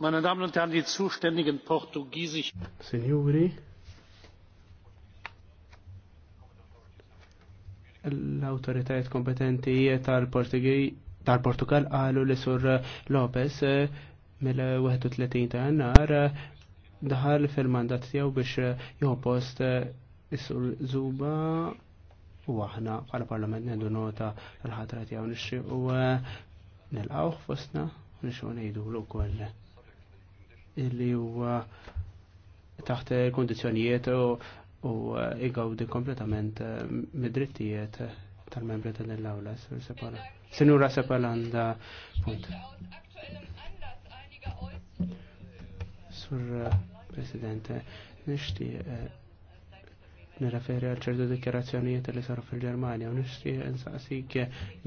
Meine Damen und Herren, die zuständigen portugiesischen... Signori, l-autoritajiet kompetenti tal-Portugal għalu li sur Lopez eh, mill-31 ta' jannar eh, daħal fil-mandat tiegħu biex eh, jopost is-sur Zuba u aħna bħala parlament nendu nota tal-ħatra tiegħu nixxi u nilqgħu fostna nixxu ngħidu l-ukoll li huwa taħt kondizjonijiet u igawdi kompletament eh, mid-drittijiet tal-membri tal-awla. Sinura sepalanda Sur eh, Presidente, nishti eh, nirreferi għal ċertu dikjerazzjonijiet li saru fil-Germania u nishti nsaqsik